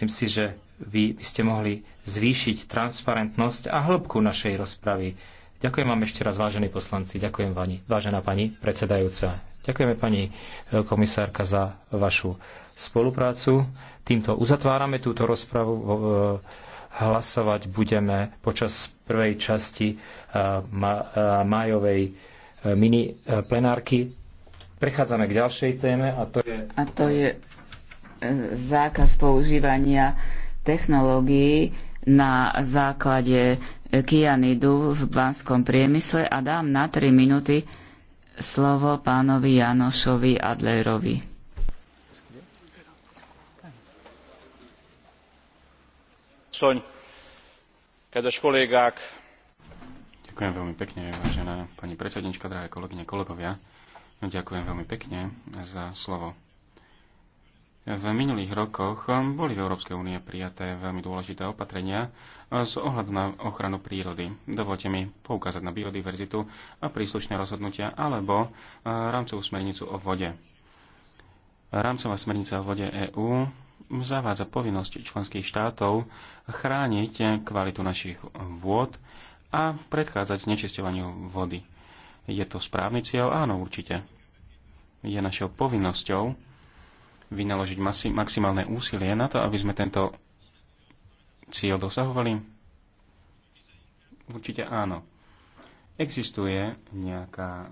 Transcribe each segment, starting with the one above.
Myslím si, že vy by ste mohli zvýšiť transparentnosť a hĺbku našej rozpravy. Ďakujem vám ešte raz, vážení poslanci, ďakujem pani, vážená pani predsedajúca. Ďakujeme pani e, komisárka za vašu spoluprácu. Týmto uzatvárame túto rozpravu. E, hlasovať budeme počas prvej časti e, májovej mini plenárky. Prechádzame k ďalšej téme a to je... A to je zákaz používania technológií na základe kianidu v banskom priemysle a dám na 3 minúty slovo pánovi Janošovi Adlerovi. Ďakujem veľmi pekne, vážená pani predsednička, drahé kolegyne, kolegovia. Ďakujem veľmi pekne za slovo. V minulých rokoch um, boli v Európskej únie prijaté veľmi dôležité opatrenia uh, s ohľadu na ochranu prírody. Dovolte mi poukázať na biodiverzitu a príslušné rozhodnutia alebo uh, rámcovú smernicu o vode. Rámcová smernica o vode EÚ zavádza povinnosť členských štátov chrániť kvalitu našich vôd a predchádzať znečisťovaniu vody. Je to správny cieľ? Áno, určite. Je našou povinnosťou vynaložiť maximálne úsilie na to, aby sme tento cieľ dosahovali? Určite áno. Existuje nejaká,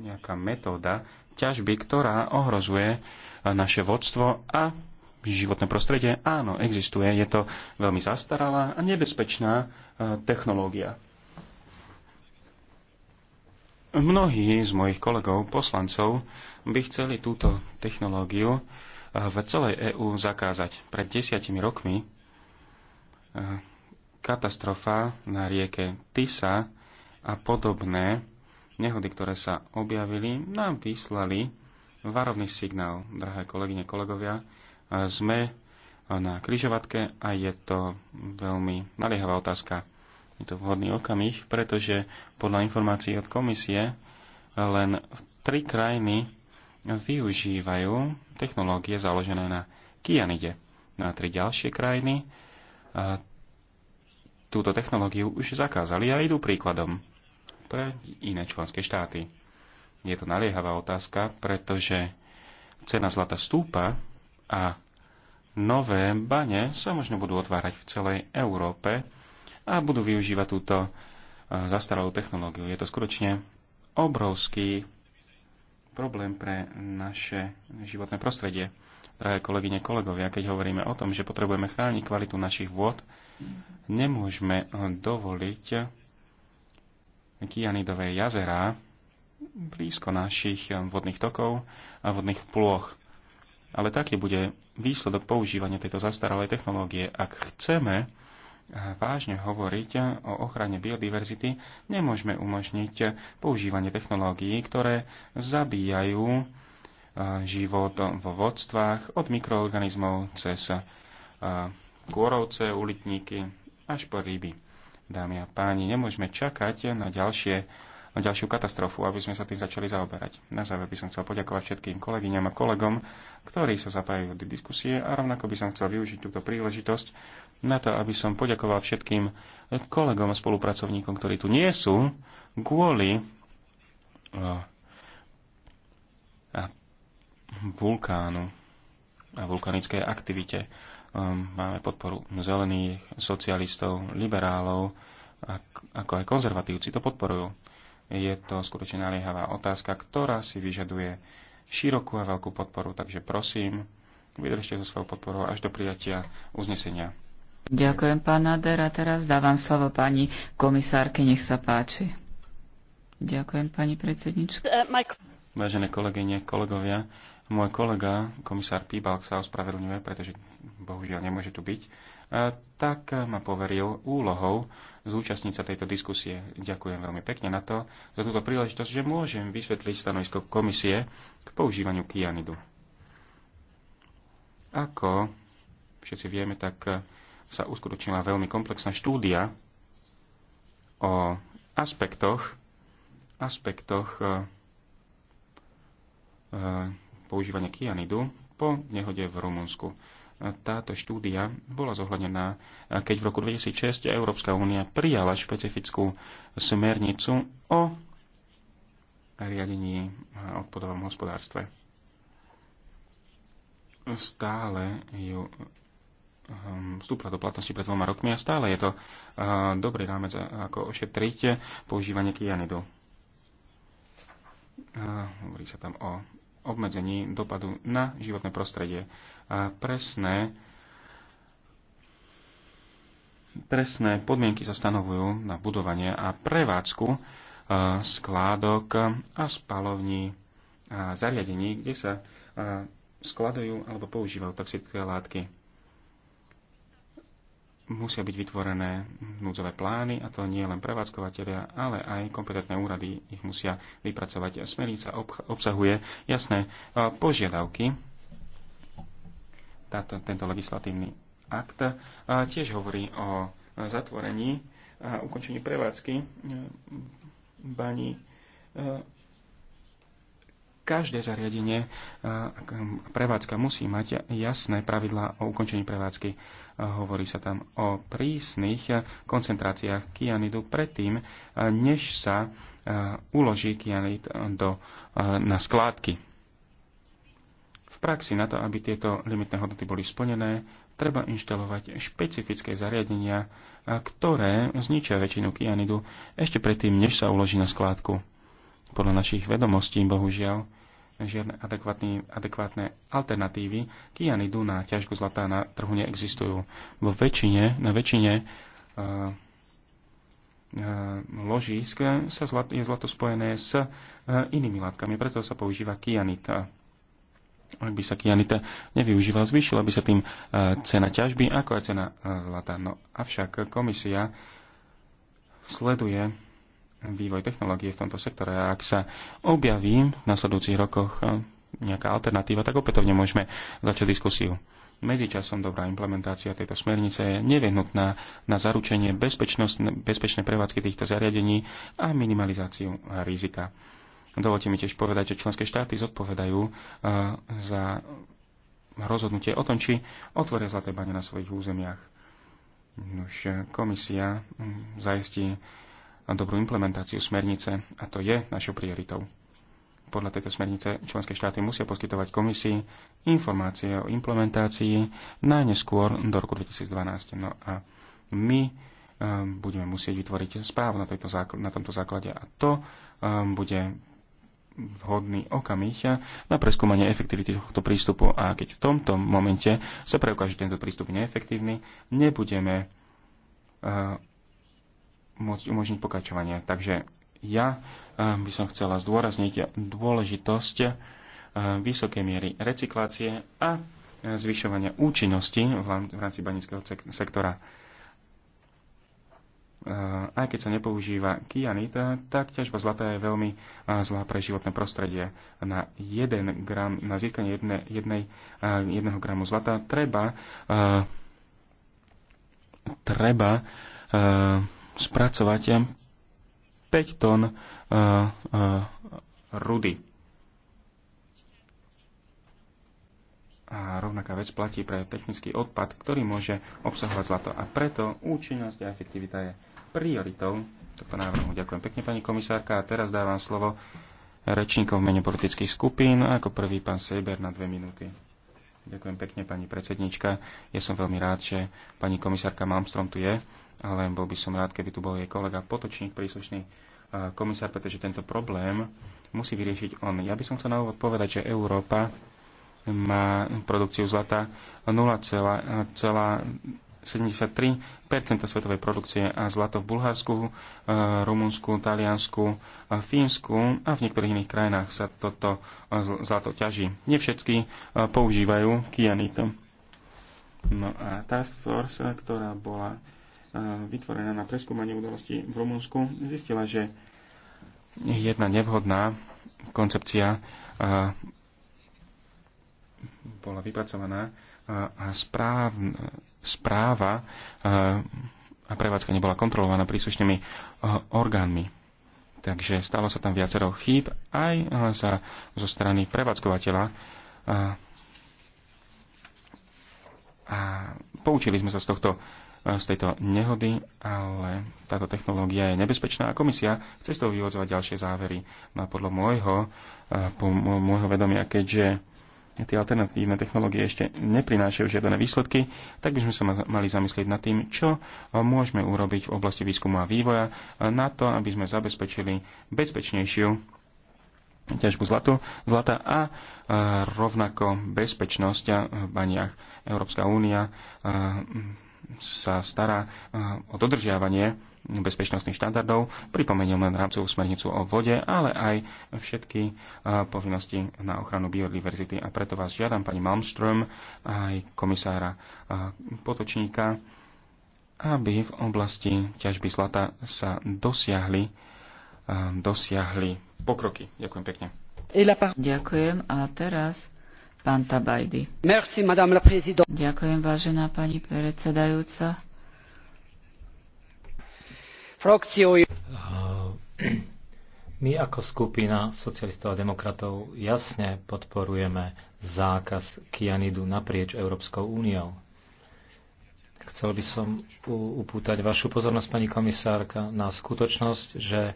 nejaká metóda ťažby, ktorá ohrozuje naše vodstvo a životné prostredie. Áno, existuje. Je to veľmi zastaralá a nebezpečná e, technológia. Mnohí z mojich kolegov, poslancov, by chceli túto technológiu eh, v celej EÚ zakázať. Pred desiatimi rokmi eh, katastrofa na rieke Tisa a podobné nehody, ktoré sa objavili, nám vyslali varovný signál, drahé kolegyne, kolegovia. Eh, sme na križovatke a je to veľmi naliehavá otázka. Je to vhodný okamih, pretože podľa informácií od komisie len v tri krajiny využívajú technológie založené na kianide. No a tri ďalšie krajiny túto technológiu už zakázali a idú príkladom pre iné členské štáty. Je to naliehavá otázka, pretože cena zlata stúpa a nové bane sa možno budú otvárať v celej Európe a budú využívať túto zastaralú technológiu. Je to skutočne obrovský problém pre naše životné prostredie. Drahé kolegyne, kolegovia, keď hovoríme o tom, že potrebujeme chrániť kvalitu našich vôd, nemôžeme dovoliť kianidové jazera blízko našich vodných tokov a vodných plôch. Ale taký bude výsledok používania tejto zastaralej technológie. Ak chceme vážne hovoriť o ochrane biodiverzity, nemôžeme umožniť používanie technológií, ktoré zabíjajú e, život vo vodstvách od mikroorganizmov cez e, kôrovce, ulitníky až po ryby. Dámy a páni, nemôžeme čakať na ďalšie ďalšiu katastrofu, aby sme sa tým začali zaoberať. Na záver by som chcel poďakovať všetkým kolegyňam a kolegom, ktorí sa zapájajú do diskusie a rovnako by som chcel využiť túto príležitosť na to, aby som poďakoval všetkým kolegom a spolupracovníkom, ktorí tu nie sú, kvôli e, vulkánu a vulkanickej aktivite. Ehm, máme podporu zelených, socialistov, liberálov, ako aj konzervatívci to podporujú. Je to skutočne naliehavá otázka, ktorá si vyžaduje širokú a veľkú podporu, takže prosím, vydržte so svojou podporou až do prijatia uznesenia. Ďakujem, pán Nader. A teraz dávam slovo pani komisárke, nech sa páči. Ďakujem, pani predsednička. Uh, Vážené kolegyne, kolegovia, môj kolega, komisár Píbalk, sa ospravedlňuje, pretože bohužiaľ nemôže tu byť. A tak ma poveril úlohou zúčastniť sa tejto diskusie. Ďakujem veľmi pekne na to, za túto príležitosť, že môžem vysvetliť stanovisko komisie k používaniu kianidu. Ako všetci vieme, tak sa uskutočnila veľmi komplexná štúdia o aspektoch, aspektoch e, e, používania kianidu po nehode v Rumunsku táto štúdia bola zohľadená, keď v roku 2006 Európska únia prijala špecifickú smernicu o riadení odpadovom hospodárstve. Stále ju ehm, vstúpla do platnosti pred dvoma rokmi a stále je to dobrý rámec, ako ošetriť používanie kyanidu. Hovorí sa tam o obmedzení dopadu na životné prostredie. A presné, presné podmienky sa stanovujú na budovanie a prevádzku e, skládok a spalovní a zariadení, kde sa e, skladajú alebo používajú toxické látky musia byť vytvorené núdzové plány, a to nie len prevádzkovateľia, ale aj kompetentné úrady ich musia vypracovať. Smernica obsahuje jasné požiadavky. Táto, tento legislatívny akt tiež hovorí o zatvorení a ukončení prevádzky baní každé zariadenie um, prevádzka musí mať jasné pravidlá o ukončení prevádzky. Hovorí sa tam o prísnych koncentráciách kianidu predtým, než sa uloží kianid do, na skládky. V praxi na to, aby tieto limitné hodnoty boli splnené, treba inštalovať špecifické zariadenia, ktoré zničia väčšinu kianidu ešte predtým, než sa uloží na skládku. Podľa našich vedomostí, bohužiaľ, žiadne adekvátne alternatívy kyanidu na ťažku zlata na trhu neexistujú. Vo väčšine, na väčšine uh, ložísk sa zlato, je zlato spojené s eh, inými látkami, preto sa používa kianita. Ak by sa kianita nevyužíval, zvýšila by sa tým cena ťažby, ako aj cena zlata. No avšak komisia sleduje vývoj technológie v tomto sektore a ak sa objaví v nasledujúcich rokoch eh, nejaká alternatíva, tak opätovne môžeme začať diskusiu. Medzičasom dobrá implementácia tejto smernice je nevyhnutná na zaručenie bezpečnej prevádzky týchto zariadení a minimalizáciu rizika. Dovolte mi tiež povedať, že členské štáty zodpovedajú eh, za rozhodnutie o tom, či otvoria zlaté bane na svojich územiach. Už eh, komisia hm, zajistí a dobrú implementáciu smernice a to je našou prioritou. Podľa tejto smernice členské štáty musia poskytovať komisii informácie o implementácii najneskôr do roku 2012. No a my eh, budeme musieť vytvoriť správu na, tejto, na tomto základe a to eh, bude vhodný okamih na preskúmanie efektivity tohto prístupu a keď v tomto momente sa preukáže tento prístup neefektívny, nebudeme eh, môcť umožniť pokračovanie. Takže ja eh, by som chcela zdôrazniť dôležitosť eh, vysokej miery recyklácie a eh, zvyšovania účinnosti v rámci banického sektora. Aj keď sa nepoužíva kyanit, tak ťažba zlata je veľmi zlá pre životné prostredie. Na, 1 gram, na získanie 1 jednej, jedného gramu zlata treba treba spracovať 5 eh, tón uh, uh, rudy. A rovnaká vec platí pre technický odpad, ktorý môže obsahovať zlato. A preto účinnosť a efektivita je prioritou tohto návrhu. Ďakujem pekne, pani komisárka. A teraz dávam slovo rečníkov v mene politických skupín. Ako prvý pán Seber na dve minúty. Ďakujem pekne, pani predsednička. Ja som veľmi rád, že pani komisárka Malmstrom tu je, ale bol by som rád, keby tu bol jej kolega Potočník, príslušný eh, komisár, pretože tento problém musí vyriešiť on. Ja by som chcel na úvod povedať, že Európa má produkciu zlata 0,2 73% svetovej produkcie a zlato v Bulharsku, e, Rumunsku, Taliansku, e, Fínsku a v niektorých iných krajinách sa toto e, zlato ťaží. Nevšetky všetky používajú kianit. No a Task Force, ktorá bola vytvorená na preskúmanie udalosti v Rumunsku, zistila, že jedna nevhodná koncepcia bola vypracovaná a správna správa eh, a prevádzka nebola kontrolovaná príslušnými eh, orgánmi. Takže stalo sa tam viacero chýb aj eh, za, zo strany prevádzkovateľa. A poučili sme sa z, tohto, z tejto nehody, ale táto technológia je nebezpečná a komisia chce z toho vyvodzovať ďalšie závery. No a podľa môjho, po môjho vedomia, keďže tie alternatívne technológie ešte neprinášajú žiadne výsledky, tak by sme sa mali zamyslieť nad tým, čo e, môžeme urobiť v oblasti výskumu a vývoja e, na to, aby sme zabezpečili bezpečnejšiu ťažbu zlatu, zlata a e, rovnako bezpečnosť v baniach. Európska únia sa stará o dodržiavanie bezpečnostných štandardov. Pripomeniem len rámcovú smernicu o vode, ale aj všetky eh, povinnosti na ochranu biodiverzity. A preto vás žiadam, pani Malmström, aj komisára eh, Potočníka, aby v oblasti ťažby zlata sa dosiahli, eh, dosiahli pokroky. Ďakujem pekne. Ďakujem a teraz pán Tabajdy. Merci, Ďakujem, vážená pani predsedajúca. Uh, my ako skupina socialistov a demokratov jasne podporujeme zákaz kianidu naprieč Európskou úniou. Chcel by som upútať vašu pozornosť, pani komisárka, na skutočnosť, že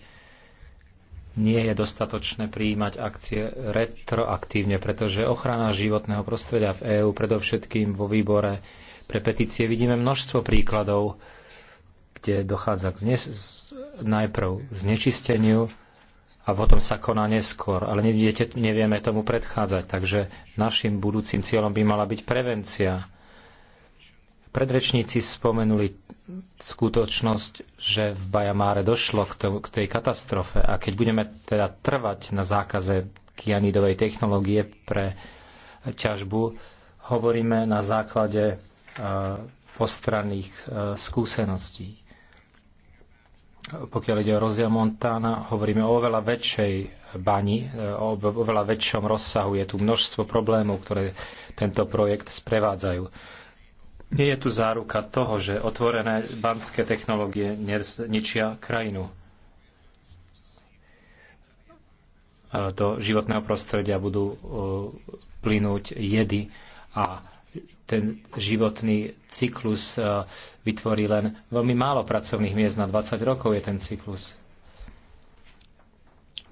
nie je dostatočné prijímať akcie retroaktívne, pretože ochrana životného prostredia v EÚ, predovšetkým vo výbore pre petície, vidíme množstvo príkladov, kde dochádza k zne, najprv k znečisteniu a potom sa koná neskôr. Ale nevidete, nevieme tomu predchádzať, takže našim budúcim cieľom by mala byť prevencia. Predrečníci spomenuli skutočnosť, že v Bajamáre došlo k, to, k tej katastrofe a keď budeme teda trvať na zákaze kianidovej technológie pre ťažbu, hovoríme na základe postranných skúseností pokiaľ ide o Rozia Montana, hovoríme o oveľa väčšej bani, e, o oveľa väčšom rozsahu. Je tu množstvo problémov, ktoré tento projekt sprevádzajú. Nie je tu záruka toho, že otvorené banské technológie ničia krajinu. E, do životného prostredia budú e, plynúť jedy a ten životný cyklus e, vytvorí len veľmi málo pracovných miest. Na 20 rokov je ten cyklus.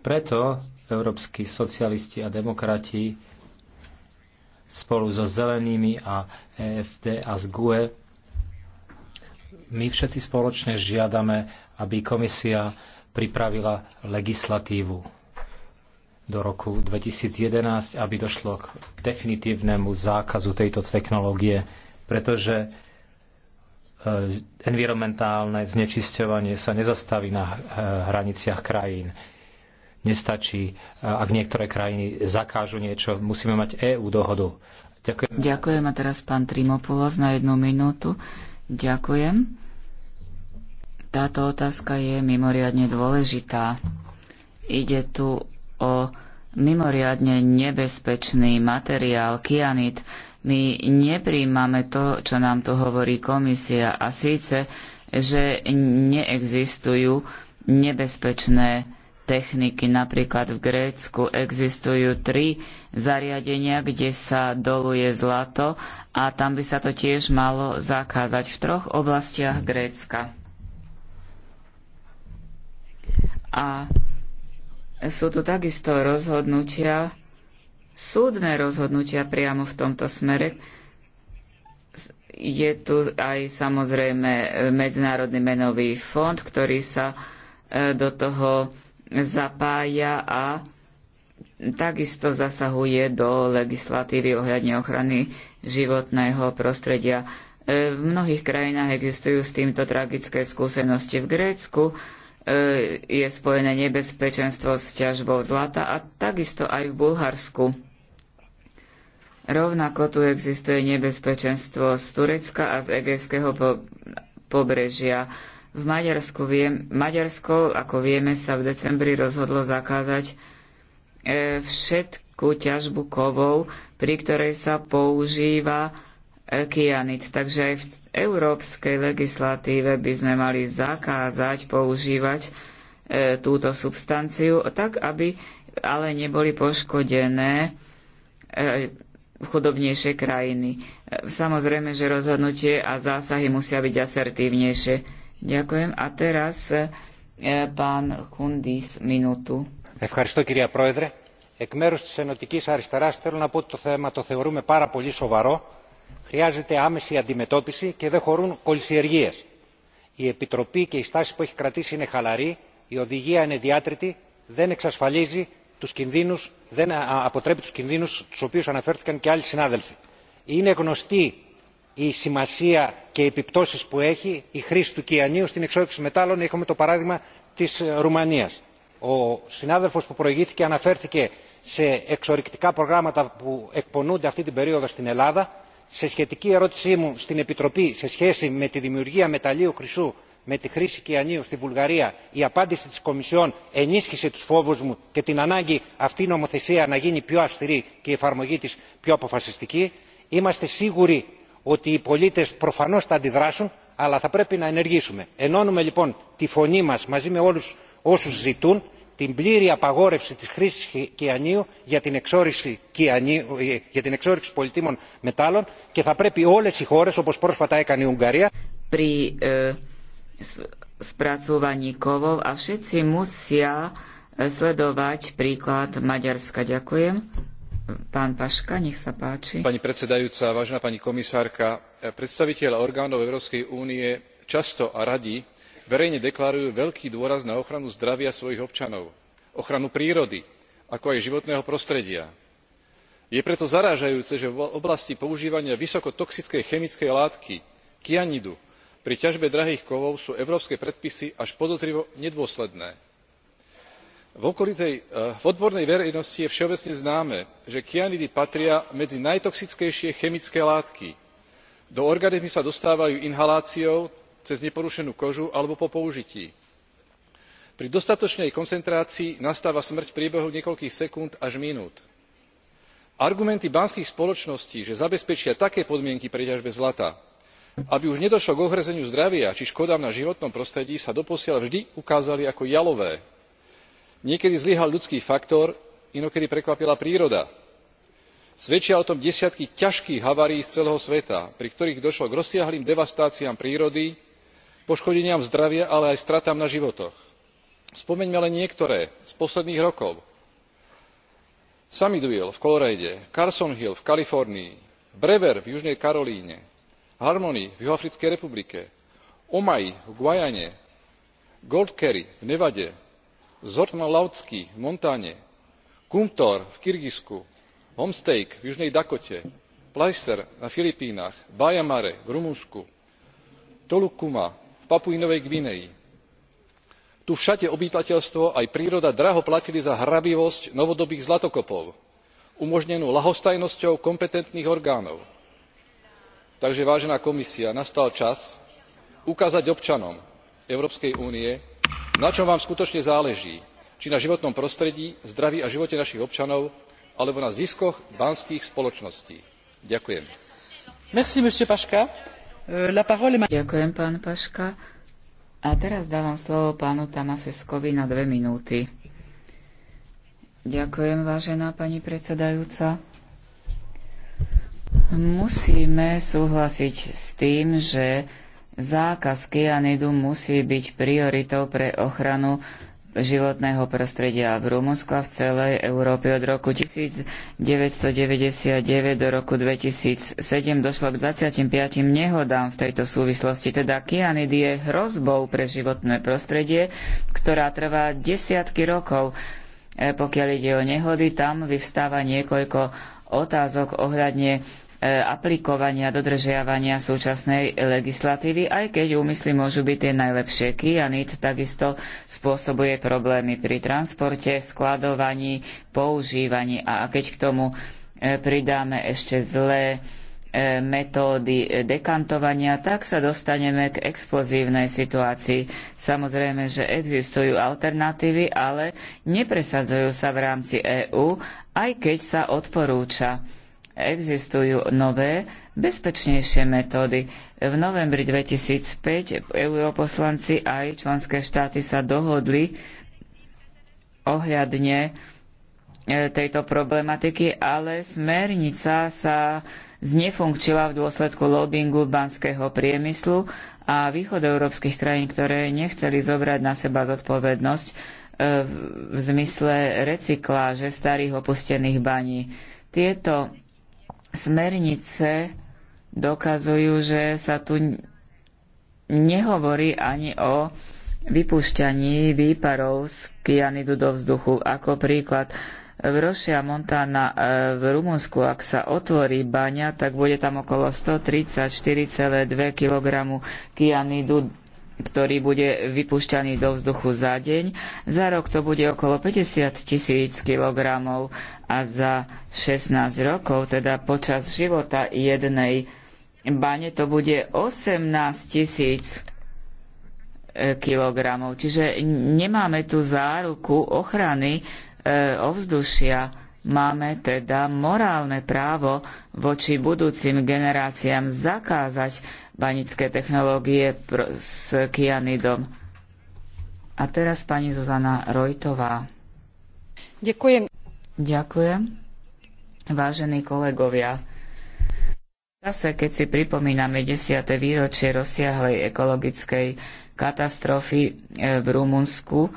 Preto európsky socialisti a demokrati spolu so zelenými a EFD a z GUE my všetci spoločne žiadame, aby komisia pripravila legislatívu do roku 2011, aby došlo k definitívnemu zákazu tejto technológie, pretože e, environmentálne znečisťovanie sa nezastaví na e, hraniciach krajín. Nestačí, e, ak niektoré krajiny zakážu niečo, musíme mať EÚ dohodu. Ďakujem. Ďakujem a teraz pán Trimopulos na jednu minútu. Ďakujem. Táto otázka je mimoriadne dôležitá. Ide tu o mimoriadne nebezpečný materiál kianit. My nepríjmame to, čo nám tu hovorí komisia, a síce, že neexistujú nebezpečné techniky. Napríklad v Grécku existujú tri zariadenia, kde sa doluje zlato a tam by sa to tiež malo zakázať v troch oblastiach Grécka. A sú tu takisto rozhodnutia, súdne rozhodnutia priamo v tomto smere. Je tu aj samozrejme Medzinárodný menový fond, ktorý sa e, do toho zapája a takisto zasahuje do legislatívy ohľadne ochrany životného prostredia. E, v mnohých krajinách existujú s týmto tragické skúsenosti. V Grécku E, je spojené nebezpečenstvo s ťažbou zlata a takisto aj v Bulharsku. Rovnako tu existuje nebezpečenstvo z Turecka a z Egejského pobrežia. V Maďarsku viem, Maďarsko, ako vieme, sa v decembri rozhodlo zakázať e, všetku ťažbu kovov, pri ktorej sa používa kyanit. E, Takže aj v európskej legislatíve by sme mali zakázať používať e, túto substanciu tak, aby ale neboli poškodené e, chudobnejšie krajiny. Samozrejme, že rozhodnutie a zásahy musia byť asertívnejšie. Ďakujem. A teraz pán Chundis minútu. Ευχαριστώ κυρία Πρόεδρε. Εκ μέρους της Ενωτικής Αριστεράς θέλω να πω ότι το θέμα το θεωρούμε πάρα πολύ σοβαρό χρειάζεται άμεση αντιμετώπιση και δεν χωρούν κολυσιεργίες. η επιτροπή και η στάση που έχει κρατήσει είναι χαλαρή η οδηγία είναι διάτρητη δεν εξασφαλίζει τους κινδύνους, δεν αποτρέπει τους κινδύνους τους οποίους αναφέρθηκαν και άλλοι συνάδελφοι. Είναι γνωστή η σημασία και οι επιπτώσεις που έχει η χρήση του κιανίου στην εξόριξη μετάλλων. Έχουμε το παράδειγμα της Ρουμανίας. Ο συνάδελφος που προηγήθηκε αναφέρθηκε σε εξορυκτικά προγράμματα που εκπονούνται αυτή την περίοδο στην Ελλάδα σε σχετική ερώτησή μου στην επιτροπή σε σχέση με τη δημιουργία μεταλλείου χρυσού με τη χρήση κυανίου στη βουλγαρία η απάντηση της κομισιόν ενίσχυσε τους φόβους μου και την ανάγκη αυτή η νομοθεσία να γίνει πιο αυστηρή και η εφαρμογή της πιο αποφασιστική. είμαστε σίγουροι ότι οι πολίτες προφανώς θα αντιδράσουν αλλά θα πρέπει να ενεργήσουμε. ενώνουμε λοιπόν τη φωνή μας μαζί με όλους όσους ζητούν την πλήρη απαγόρευση της χρήσης κυανίου για την εξόρυξη πολυτήμων μετάλλων και θα πρέπει όλες οι χώρες όπως πρόσφατα έκανε η Ουγγαρία pri e, spracúvaní kovov a všetci musia sledovať príklad Maďarska. Ďakujem. Pán Paška, nech sa páči. Pani predsedajúca, vážená pani komisárka, e, predstaviteľ orgánov Európskej únie často a radi verejne deklarujú veľký dôraz na ochranu zdravia svojich občanov ochranu prírody ako aj životného prostredia. je preto zarážajúce že v oblasti používania vysoko toxickej chemickej látky kyanidu pri ťažbe drahých kovov sú európske predpisy až podozrivo nedôsledné. v eh, odbornej verejnosti je všeobecne známe že kyanidy patria medzi najtoxickejšie chemické látky. do organizmu sa dostávajú inhaláciou cez neporušenú kožu alebo po použití. pri dostatočnej koncentrácii nastáva smrť v priebehu niekoľkých sekúnd až minút. argumenty banských spoločností že zabezpečia také podmienky pri ťažbe zlata aby už nedošlo k ohrozeniu zdravia či škodám na životnom prostredí sa doposiaľ vždy ukázali ako jalové. niekedy zlyhal ľudský faktor inokedy prekvapila príroda. svedčia o tom desiatky ťažkých havárií z celého sveta pri ktorých došlo k rozsiahlym devastáciám prírody poškodeniam zdravia ale aj stratám na životoch. spomeňme len niektoré z posledných rokov summitville v colorade carson hill v kalifornii brewer v južnej karolíne harmony v juhoafrickej republike omagh v Gold Carry v nevade zhortma lautsky v montane kumtor v kirgizsku homestake v južnej dakote placer na filipínach baia mare v rumunsku tolukuma papui novej guinei. tu všade obyvateľstvo aj príroda draho platili za hrabivosť novodobých zlatokopov umožnenú ľahostajnosťou kompetentných orgánov. takže vážená komisia nastal čas ukázať občanom európskej únie na čom vám skutočne záleží či na životnom prostredí zdraví a živote našich občanov alebo na ziskoch banských spoločností. ďakujem. Eh, Ďakujem, pán Paška. A teraz dávam slovo pánu Tamaseskovi na dve minúty. Ďakujem, vážená pani predsedajúca. Musíme súhlasiť s tým, že zákaz kyanidu musí byť prioritou pre ochranu životného prostredia v Rumunsku a v celej Európe od roku 1999 do roku 2007 došlo k 25 nehodám v tejto súvislosti. Teda Kianid je hrozbou pre životné prostredie, ktorá trvá desiatky rokov. E, pokiaľ ide o nehody, tam vyvstáva niekoľko otázok ohľadne aplikovania, dodržiavania súčasnej legislatívy, aj keď úmysly môžu byť tie najlepšie. Kyanit takisto spôsobuje problémy pri transporte, skladovaní, používaní a keď k tomu e, pridáme ešte zlé e, metódy e, dekantovania, tak sa dostaneme k explozívnej situácii. Samozrejme, že existujú alternatívy, ale nepresadzujú sa v rámci EÚ, aj keď sa odporúča. Existujú nové, bezpečnejšie metódy. V novembri 2005 europoslanci aj členské štáty sa dohodli ohľadne e, tejto problematiky, ale smernica sa znefunkčila v dôsledku lobingu banského priemyslu a východoeurópskych krajín, ktoré nechceli zobrať na seba zodpovednosť e, v zmysle recykláže starých opustených baní. Tieto Smernice dokazujú, že sa tu nehovorí ani o vypúšťaní výparov z kyanidu do vzduchu. Ako príklad, v Rošia Montana e, v Rumunsku, ak sa otvorí baňa, tak bude tam okolo 134,2 kg kyanidu ktorý bude vypúšťaný do vzduchu za deň. Za rok to bude okolo 50 tisíc kilogramov a za 16 rokov, teda počas života jednej bane, to bude 18 tisíc e, kilogramov. Čiže nemáme tu záruku ochrany e, ovzdušia. Máme teda morálne právo voči budúcim generáciám zakázať banické technológie s Kyanidom. A teraz pani Zuzana Rojtová. Ďakujem. Ďakujem. Vážení kolegovia, v čase, keď si pripomíname 10. výročie rozsiahlej ekologickej katastrofy eh, v Rumunsku,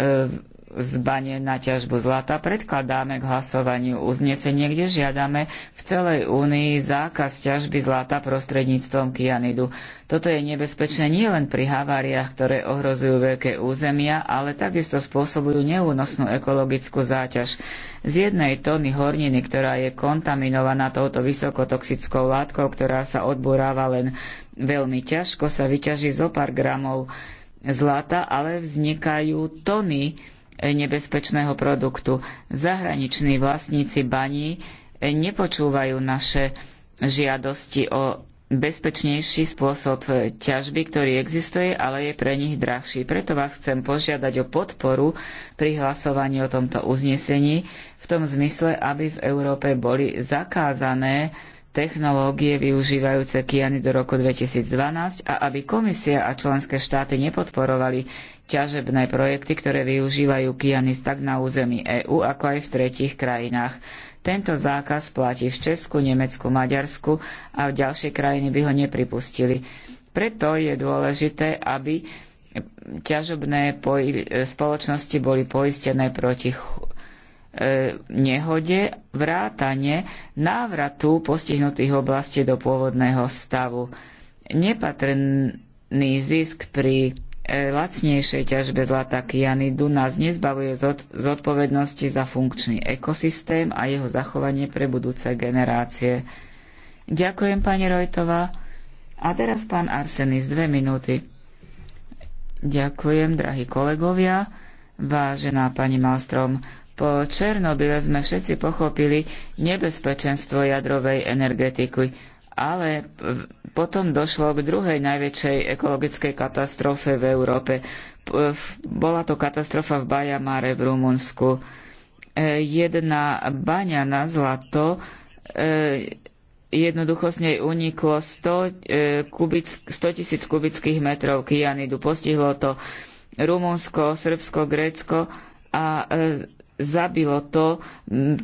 eh, zbane na ťažbu zlata predkladáme k hlasovaniu uznesenie, kde žiadame v celej únii zákaz ťažby zlata prostredníctvom kyanidu. Toto je nebezpečné nielen pri haváriách, ktoré ohrozujú veľké územia, ale takisto spôsobujú neúnosnú ekologickú záťaž. Z jednej tony horniny, ktorá je kontaminovaná touto vysokotoxickou látkou, ktorá sa odburáva len veľmi ťažko, sa vyťaží zo pár gramov zlata, ale vznikajú tony nebezpečného produktu. Zahraniční vlastníci baní nepočúvajú naše žiadosti o bezpečnejší spôsob ťažby, ktorý existuje, ale je pre nich drahší. Preto vás chcem požiadať o podporu pri hlasovaní o tomto uznesení v tom zmysle, aby v Európe boli zakázané technológie využívajúce kiany do roku 2012 a aby komisia a členské štáty nepodporovali ťažebné projekty, ktoré využívajú kianis tak na území EÚ, ako aj v tretich krajinách. Tento zákaz platí v Česku, Nemecku, Maďarsku a v ďalšie krajiny by ho nepripustili. Preto je dôležité, aby ťažobné spoločnosti boli poistené proti e, nehode, vrátane návratu postihnutých oblastí do pôvodného stavu. Nepatrný zisk pri lacnejšej ťažbe zlata kyanidu nás nezbavuje zodpovednosti za funkčný ekosystém a jeho zachovanie pre budúce generácie. Ďakujem, pani Rojtová. A teraz pán Arsenis, dve minúty. Ďakujem, drahí kolegovia. Vážená pani Malstrom, po Černobyle sme všetci pochopili nebezpečenstvo jadrovej energetiky ale potom došlo k druhej najväčšej ekologickej katastrofe v Európe. Bola to katastrofa v Bajamare v Rumunsku. E, jedna baňa na zlato, e, jednoducho z nej uniklo 100 e, tisíc kubických metrov kyanidu. Postihlo to Rumunsko, Srbsko, Grécko a zabilo to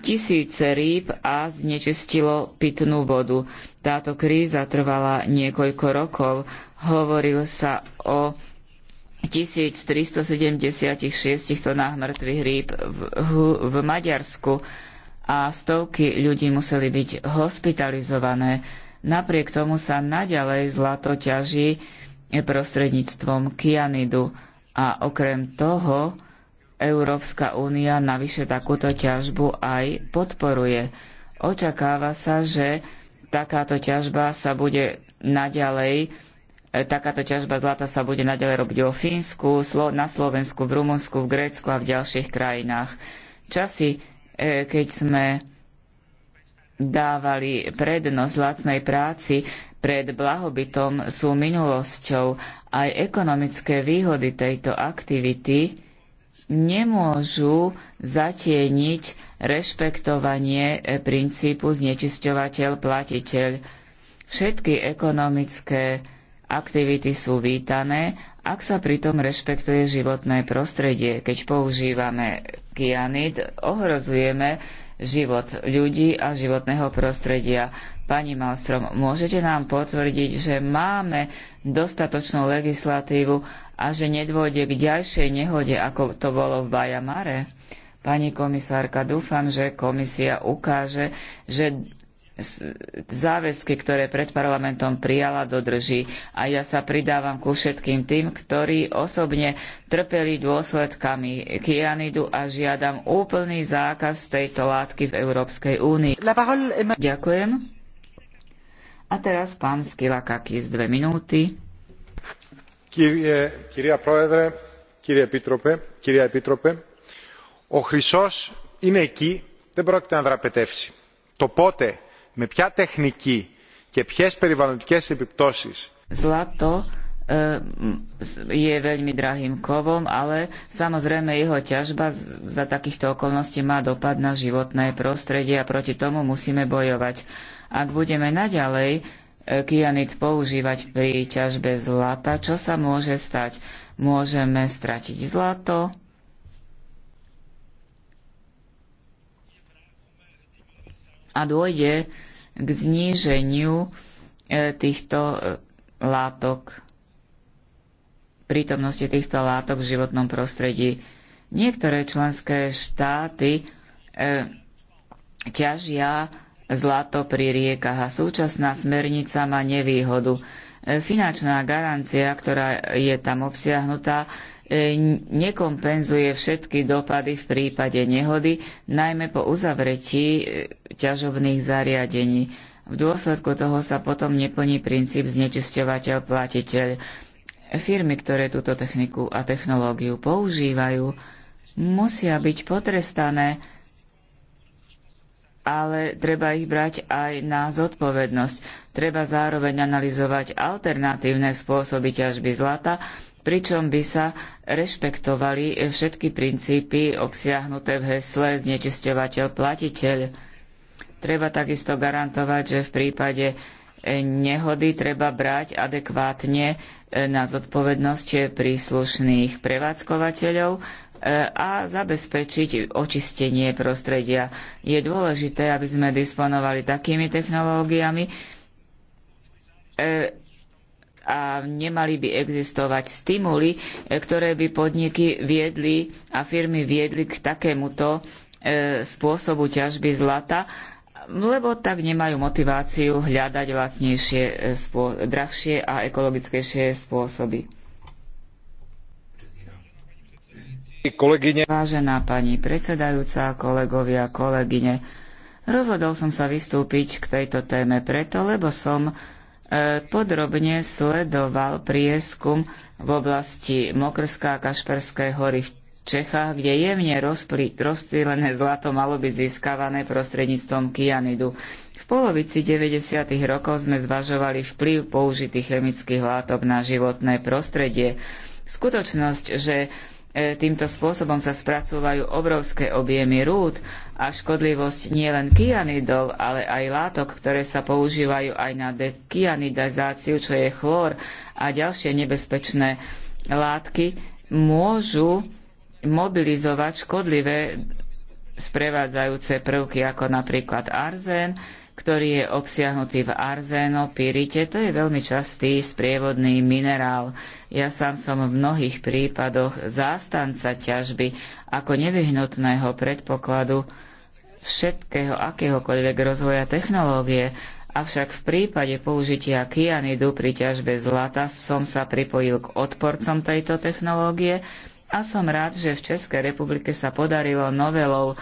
tisíce rýb a znečistilo pitnú vodu. Táto kríza trvala niekoľko rokov. Hovoril sa o 1376 tonách mŕtvych rýb v, v Maďarsku a stovky ľudí museli byť hospitalizované. Napriek tomu sa naďalej zlato ťaží prostredníctvom kianidu a okrem toho Európska únia navyše takúto ťažbu aj podporuje. Očakáva sa, že takáto ťažba sa bude naďalej e, takáto ťažba zlata sa bude naďalej robiť vo Fínsku, na Slovensku, v Rumunsku, v Grécku a v ďalších krajinách. Časy, e, keď sme dávali prednosť lacnej práci pred blahobytom, sú minulosťou. Aj ekonomické výhody tejto aktivity nemôžu zatieniť rešpektovanie e, princípu znečisťovateľ platiteľ. Všetky ekonomické aktivity sú vítané, ak sa pritom rešpektuje životné prostredie. Keď používame kianid, ohrozujeme život ľudí a životného prostredia. Pani Malstrom, môžete nám potvrdiť, že máme dostatočnú legislatívu a že nedôjde k ďalšej nehode, ako to bolo v Bajamare? Pani komisárka, dúfam, že komisia ukáže, že záväzky, ktoré pred parlamentom prijala, dodrží. A ja sa pridávam ku všetkým tým, ktorí osobne trpeli dôsledkami kyanidu a žiadam úplný zákaz tejto látky v Európskej únii. Ďakujem. A teraz pán Skilakakis, dve minúty. Kyrie, kyria proedre, kyrie epitrope, kyria epitrope, o chrysos είναι εκεί, δεν πρόκειται να δραπετεύσει. Το πότε, με ποια τεχνική και ποιες περιβαλλοντικές επιπτώσεις. Zlato e, je veľmi drahým kovom, ale samozrejme jeho ťažba za takýchto okolností má dopad na životné prostredie a proti tomu musíme bojovať ak budeme naďalej e, kyanit používať pri ťažbe zlata, čo sa môže stať? Môžeme stratiť zlato, a dôjde k zníženiu e, týchto e, látok, prítomnosti týchto látok v životnom prostredí. Niektoré členské štáty ťažia zlato pri riekach a súčasná smernica má nevýhodu. E, finančná garancia, ktorá je tam obsiahnutá, e, nekompenzuje všetky dopady v prípade nehody, najmä po uzavretí e, ťažobných zariadení. V dôsledku toho sa potom neplní princíp znečisťovateľ-platiteľ. Firmy, ktoré túto techniku a technológiu používajú, musia byť potrestané ale treba ich brať aj na zodpovednosť. Treba zároveň analyzovať alternatívne spôsoby ťažby zlata, pričom by sa rešpektovali všetky princípy obsiahnuté v hesle znečisťovateľ platiteľ. Treba takisto garantovať, že v prípade nehody treba brať adekvátne na zodpovednosť príslušných prevádzkovateľov, E, a zabezpečiť očistenie prostredia. Je dôležité, aby sme disponovali takými technológiami e, a nemali by existovať stimuly, e, ktoré by podniky viedli a firmy viedli k takémuto spôsobu ťažby zlata, lebo tak nemajú motiváciu hľadať lacnejšie, drahšie a ekologickejšie spôsoby. Kolegyne. Vážená pani predsedajúca, kolegovia, kolegyne, rozhodol som sa vystúpiť k tejto téme preto, lebo som e, podrobne sledoval prieskum v oblasti Mokrská a Kašperské hory v Čechách, kde jemne rozptýlené zlato malo byť získavané prostredníctvom kyanidu. V polovici 90. rokov sme zvažovali vplyv použitých chemických látok na životné prostredie. Skutočnosť, že E, týmto spôsobom sa spracúvajú obrovské objemy rúd a škodlivosť nielen kyanidov, ale aj látok, ktoré sa používajú aj na dekyanidizáciu, čo je chlór a ďalšie nebezpečné látky, môžu mobilizovať škodlivé sprevádzajúce prvky, ako napríklad arzén, ktorý je obsiahnutý v arzéno arzénopirite. To je veľmi častý sprievodný minerál. Ja sám som v mnohých prípadoch zástanca ťažby ako nevyhnutného predpokladu všetkého akéhokoľvek rozvoja technológie, avšak v prípade použitia kyanidu pri ťažbe zlata som sa pripojil k odporcom tejto technológie a som rád, že v Českej republike sa podarilo novelou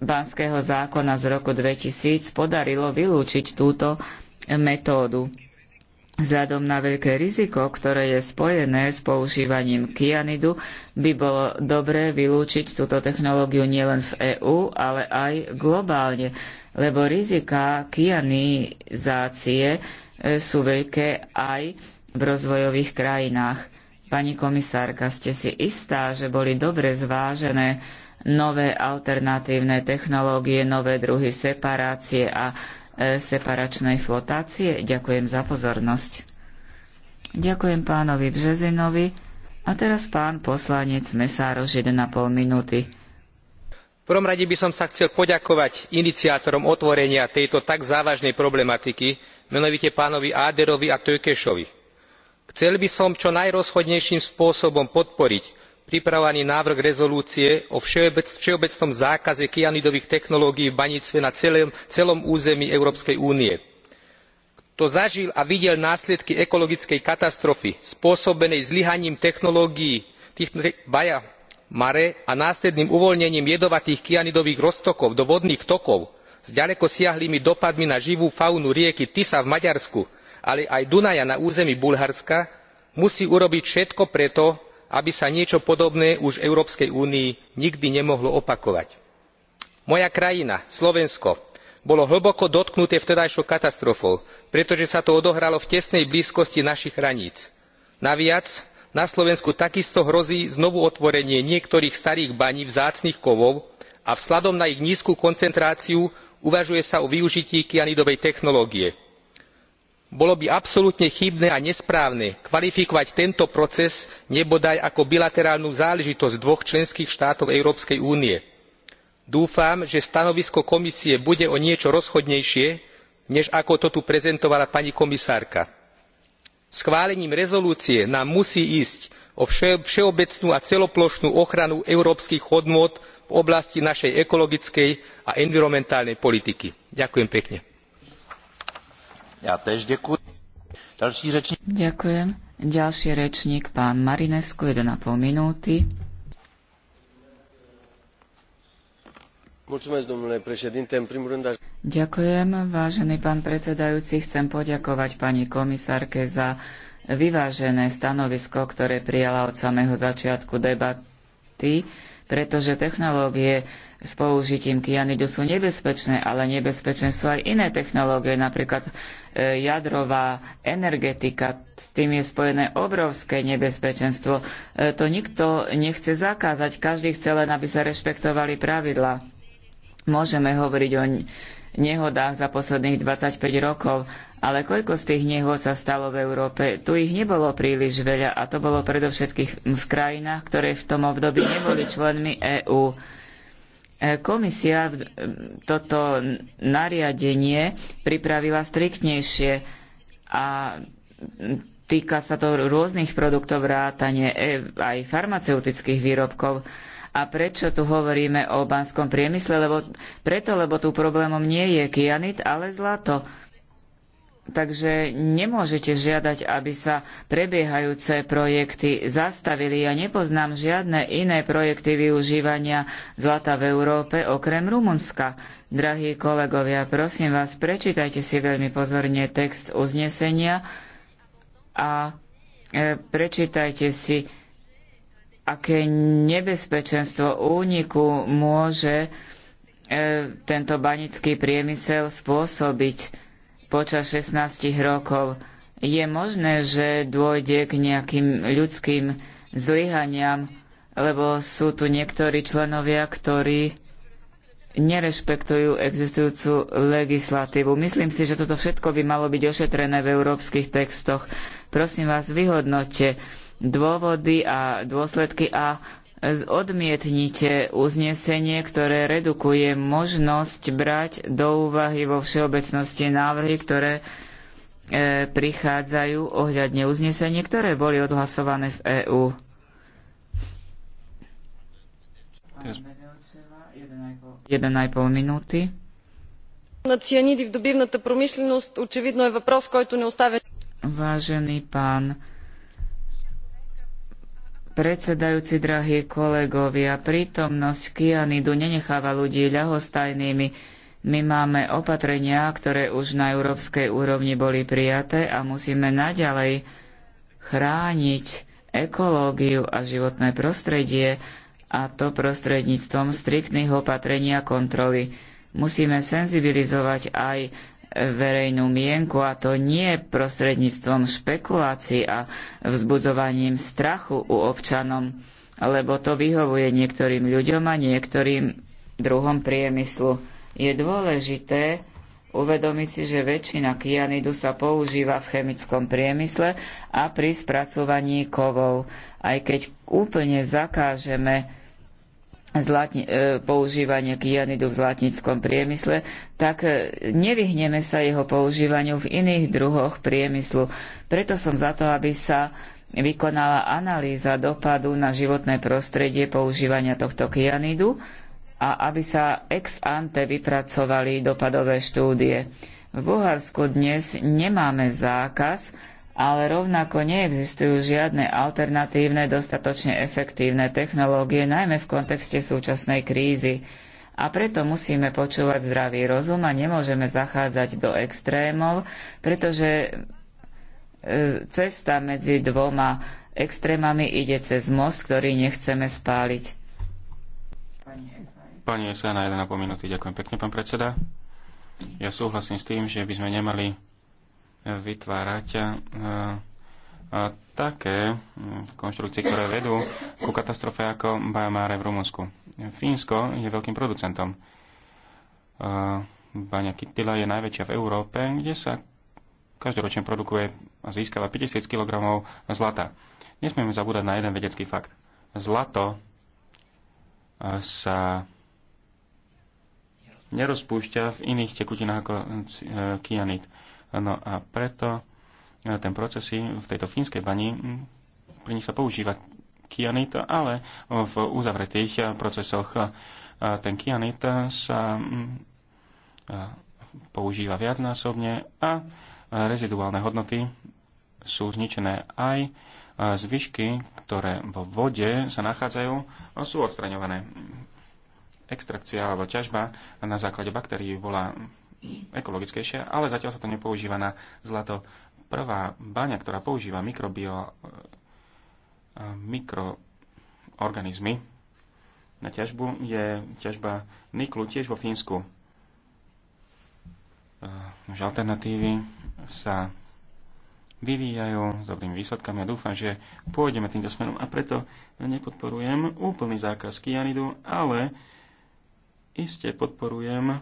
banského zákona z roku 2000 podarilo vylúčiť túto metódu. Vzhľadom na veľké riziko, ktoré je spojené s používaním kianidu, by bolo dobré vylúčiť túto technológiu nielen v EÚ, ale aj globálne, lebo rizika kianizácie e, sú veľké aj v rozvojových krajinách. Pani komisárka, ste si istá, že boli dobre zvážené nové alternatívne technológie, nové druhy separácie a e, separačnej flotácie? Ďakujem za pozornosť. Ďakujem pánovi Březinovi. A teraz pán poslanec Mesároš 1,5 minúty. V prvom rade by som sa chcel poďakovať iniciátorom otvorenia tejto tak závažnej problematiky, menovite pánovi Áderovi a Tökešovi. Chcel by som čo najrozchodnejším spôsobom podporiť pripravovaný návrh rezolúcie o všeobecnom zákaze kyanidových technológií v baníctve na celom území európskej únie. kto zažil a videl následky ekologickej katastrofy spôsobenej zlyhaním technológií baja mare a následným uvoľnením jedovatých kyanidových roztokov do vodných tokov s ďalekosiahlymi dopadmi na živú faunu rieky tisa v maďarsku ale aj dunaja na území bulharska musí urobiť všetko preto aby sa niečo podobné už v európskej únii nikdy nemohlo opakovať. moja krajina slovensko bolo hlboko dotknuté vtedajšou katastrofou pretože sa to odohralo v tesnej blízkosti našich hraníc. naviac na slovensku takisto hrozí znovuotvorenie niektorých starých baní vzácnych kovov a vzhľadom na ich nízku koncentráciu uvažuje sa o využití kyanidovej technológie bolo by absolútne chybné a nesprávne kvalifikovať tento proces nebodaj ako bilaterálnu záležitosť dvoch členských štátov európskej únie. dúfam že stanovisko komisie bude o niečo rozchodnejšie než ako to tu prezentovala pani komisárka. schválením rezolúcie nám musí ísť o všeobecnú a celoplošnú ochranu európskych hodnôt v oblasti našej ekologickej a environmentálnej politiky. ďakujem pekne. Ja tež ďakujem. Ďalší rečník. Ďakujem. Ďalší rečník, pán Marinesku, 1,5 minúty. Ďakujem, vážený pán predsedajúci. Chcem poďakovať pani komisárke za vyvážené stanovisko, ktoré prijala od samého začiatku debaty, pretože technológie s použitím kyanidu sú nebezpečné, ale nebezpečné sú aj iné technológie, napríklad e, jadrová energetika. S tým je spojené obrovské nebezpečenstvo. E, to nikto nechce zakázať, každý chce len, aby sa rešpektovali pravidlá. Môžeme hovoriť o nehodách za posledných 25 rokov, ale koľko z tých nehod sa stalo v Európe? Tu ich nebolo príliš veľa a to bolo predovšetkých v krajinách, ktoré v tom období neboli členmi EÚ. Komisia toto nariadenie pripravila striktnejšie a týka sa to rôznych produktov vrátane e, aj farmaceutických výrobkov. A prečo tu hovoríme o banskom priemysle? Lebo, preto, lebo tu problémom nie je kianit, ale zlato. Takže nemôžete žiadať, aby sa prebiehajúce projekty zastavili. Ja nepoznám žiadne iné projekty využívania zlata v Európe okrem Rumunska. Drahí kolegovia, prosím vás, prečítajte si veľmi pozorne text uznesenia a e, prečítajte si, aké nebezpečenstvo úniku môže e, tento banický priemysel spôsobiť počas 16 rokov. Je možné, že dôjde k nejakým ľudským zlyhaniam, lebo sú tu niektorí členovia, ktorí nerešpektujú existujúcu legislatívu. Myslím si, že toto všetko by malo byť ošetrené v európskych textoch. Prosím vás, vyhodnote dôvody a dôsledky a odmietnite uznesenie, ktoré redukuje možnosť brať do úvahy vo všeobecnosti návrhy, ktoré e, prichádzajú ohľadne uznesenie, ktoré boli odhlasované v EÚ. Teraz... 1,5 На цианиди в добивната промишленост очевидно е въпрос, който не оставя... Важен пан predsedajúci, drahí kolegovia, prítomnosť kyanidu nenecháva ľudí ľahostajnými. My máme opatrenia, ktoré už na európskej úrovni boli prijaté a musíme naďalej chrániť ekológiu a životné prostredie, a to prostredníctvom striktných opatrení a kontroly. Musíme senzibilizovať aj verejnú mienku a to nie prostredníctvom špekulácií a vzbudzovaním strachu u občanom, lebo to vyhovuje niektorým ľuďom a niektorým druhom priemyslu. Je dôležité uvedomiť si, že väčšina kyanidu sa používa v chemickom priemysle a pri spracovaní kovov. Aj keď úplne zakážeme zlatni, e, používanie kyanidu v zlatníckom priemysle, tak e, nevyhneme sa jeho používaniu v iných druhoch priemyslu. Preto som za to, aby sa vykonala analýza dopadu na životné prostredie používania tohto kyanidu a aby sa ex ante vypracovali dopadové štúdie. V Bulharsku dnes nemáme zákaz ale rovnako neexistujú žiadne alternatívne dostatočne efektívne technológie, najmä v kontexte súčasnej krízy. A preto musíme počúvať zdravý rozum a nemôžeme zachádzať do extrémov, pretože e, cesta medzi dvoma extrémami ide cez most, ktorý nechceme spáliť. Pani Esa, na 1,5 minúty. Ďakujem pekne, pán predseda. Ja súhlasím s tým, že by sme nemali vytvárať e, e, také konštrukcie, ktoré vedú ku katastrofe ako Bajamáre v Rumunsku. Fínsko je veľkým producentom. E, Baňa Kittila je najväčšia v Európe, kde sa každoročne produkuje a získava 50 kg zlata. Nesmieme zabúdať na jeden vedecký fakt. Zlato sa nerozpúšťa v iných tekutinách ako kianit No a preto eh, ten procesy v tejto fínskej bani, hm, pri nich sa používa kianit, ale v uzavretých eh, procesoch eh, ten kianit sa hm, používa viacnásobne a reziduálne hodnoty sú zničené aj zvyšky, ktoré vo vode sa nachádzajú, sú odstraňované. Extrakcia alebo ťažba na základe baktérií bola hm, ekologickejšia, ale zatiaľ sa to nepoužíva na zlato. Prvá baňa, ktorá používa mikrobio, eh, mikroorganizmy na ťažbu, je ťažba niklu tiež vo Fínsku. Eh, už alternatívy sa vyvíjajú s dobrými výsledkami a ja dúfam, že pôjdeme týmto smerom a preto nepodporujem úplný zákaz kyanidu, ale iste podporujem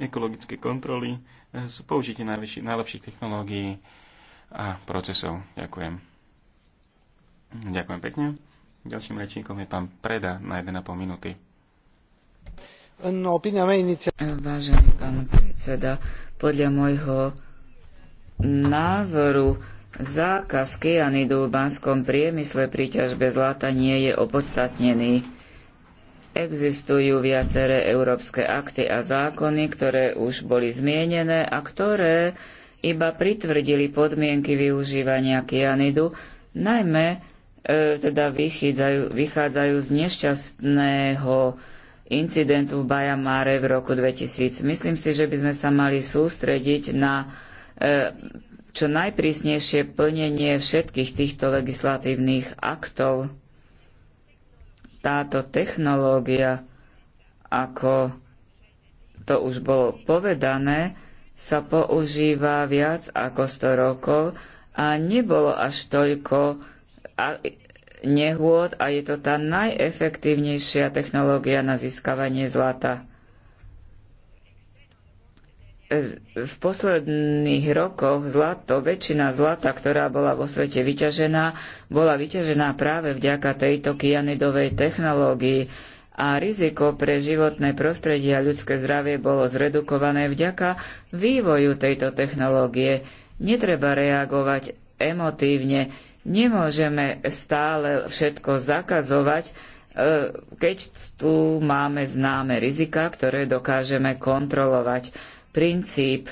ekologické kontroly e, s použitím najlepších technológií a procesov. Ďakujem. Ďakujem pekne. Ďalším rečníkom je pán Preda na 1,5 minúty. No, Vážený pán predseda, podľa môjho názoru zákaz kyanidu v banskom priemysle pri ťažbe zlata nie je opodstatnený. Existujú viaceré európske akty a zákony, ktoré už boli zmienené a ktoré iba pritvrdili podmienky využívania kianidu, najmä e, teda vychádzajú, vychádzajú z nešťastného incidentu v Bajamáre v roku 2000. Myslím si, že by sme sa mali sústrediť na e, čo najprísnejšie plnenie všetkých týchto legislatívnych aktov táto technológia, ako to už bolo povedané, sa používa viac ako 100 rokov a nebolo až toľko nehôd a je to tá najefektívnejšia technológia na získavanie zlata v posledných rokoch zlato, väčšina zlata, ktorá bola vo svete vyťažená, bola vyťažená práve vďaka tejto kianidovej technológii a riziko pre životné prostredie a ľudské zdravie bolo zredukované vďaka vývoju tejto technológie. Netreba reagovať emotívne, nemôžeme stále všetko zakazovať, e, keď tu máme známe rizika, ktoré dokážeme kontrolovať. Princíp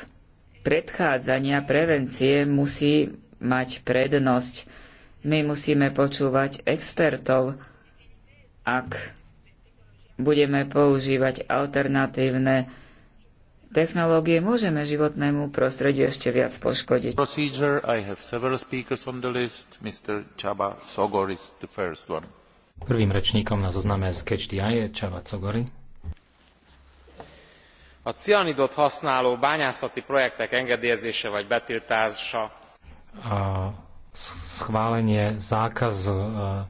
predchádzania prevencie musí mať prednosť. My musíme počúvať expertov, ak budeme používať alternatívne technológie, môžeme životnému prostrediu ešte viac poškodiť. Prvým rečníkom na zozname z Catch the Eye je Čava Cogory a cianidot használó bányászati projektek engedélyezése vagy betiltása a schválenie zákazu e,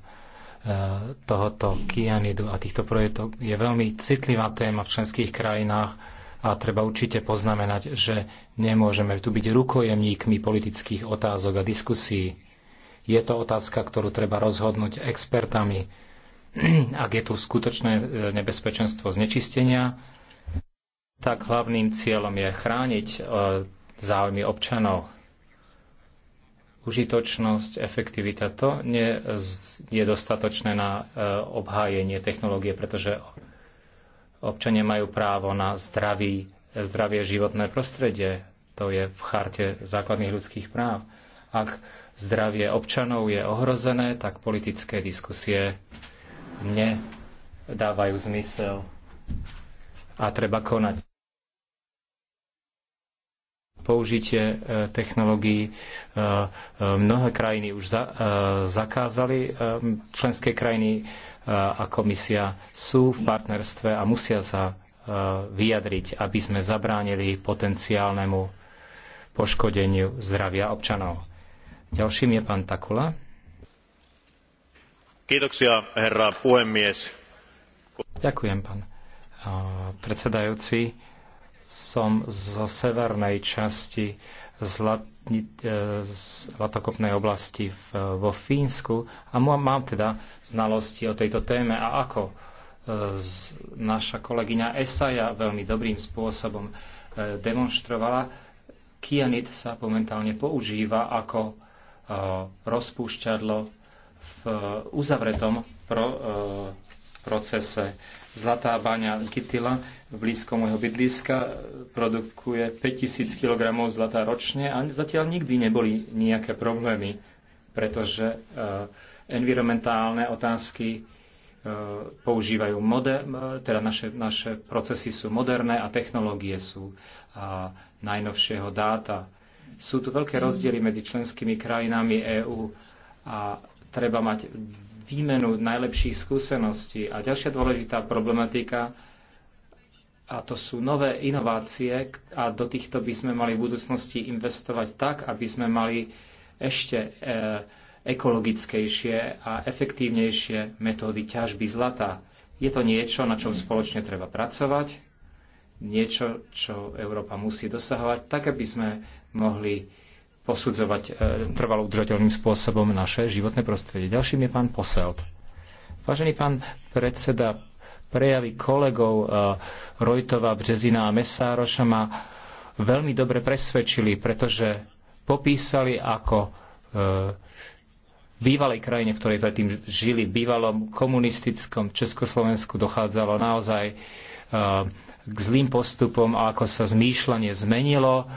e, tohoto kianidu a týchto projektov je veľmi citlivá téma v členských krajinách a treba určite poznamenať, že nemôžeme tu byť rukojemníkmi politických otázok a diskusí. Je to otázka, ktorú treba rozhodnúť expertami, ak je tu skutočné e, nebezpečenstvo znečistenia, tak hlavným cieľom je chrániť e, záujmy občanov. Užitočnosť, efektivita, to nie je dostatočné na e, obhájenie technológie, pretože občania majú právo na zdravý, zdravie životné prostredie. To je v charte základných ľudských práv. Ak zdravie občanov je ohrozené, tak politické diskusie nedávajú zmysel a treba konať použitie e, technológií. E, e, mnohé krajiny už za, zakázali, členské krajiny a komisia sú v partnerstve a musia sa vyjadriť, aby sme zabránili potenciálnemu poškodeniu zdravia občanov. Ďalším je pán Takula. Kiitoksia, herra puhemies. Ďakujem, pán predsedajúci som zo severnej časti e, z latokopnej oblasti vo Fínsku a mám teda znalosti o tejto téme a ako e, naša kolegyňa Esaja veľmi dobrým spôsobom e, demonstrovala, kianit sa momentálne používa ako rozpúšťadlo v uzavretom procese. Zlatá baňa Kytila blízko môjho bydliska e, produkuje 5000 kg zlata ročne a zatiaľ nikdy neboli nejaké problémy, pretože e, environmentálne otázky e, používajú moder, teda naše, naše procesy sú moderné a technológie sú a najnovšieho dáta. Sú tu veľké rozdiely medzi členskými krajinami EÚ a treba mať výmenu najlepších skúseností. A ďalšia dôležitá problematika a to sú nové inovácie a do týchto by sme mali v budúcnosti investovať tak, aby sme mali ešte eh, ekologickejšie a efektívnejšie metódy ťažby zlata. Je to niečo, na čom spoločne treba pracovať, niečo, čo Európa musí dosahovať, tak aby sme mohli posudzovať e, trvalo udržateľným spôsobom naše životné prostredie. Ďalším je pán Posel. Vážený pán predseda prejavy kolegov eh, Rojtova, Březina a Mesároša ma veľmi dobre presvedčili, pretože popísali ako v eh, bývalej krajine, v ktorej predtým žili, v bývalom komunistickom Československu dochádzalo naozaj eh, k zlým postupom a ako sa zmýšľanie zmenilo